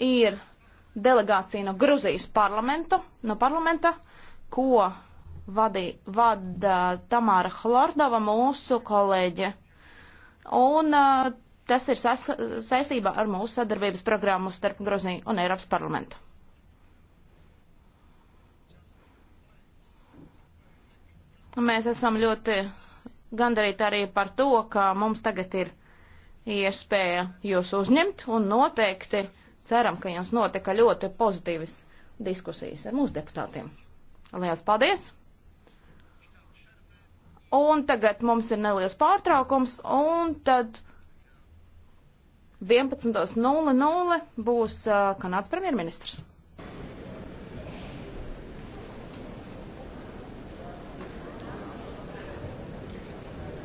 ir delegācija no Gruzijas parlamentu, no parlamenta, ko vadī, vada Tamāra Hlordova, mūsu kolēģe. Un uh, tas ir sas, saistībā ar mūsu sadarbības programmu starp Gruziju un Eiropas parlamentu. Mēs esam ļoti gandarīti arī par to, ka mums tagad ir iespēja jūs uzņemt un noteikti Ceram, ka jums notika ļoti pozitīvas diskusijas ar mūsu deputātiem. Lielas paldies! Un tagad mums ir neliels pārtraukums, un tad 11.00 būs uh, Kanādas premjerministrs.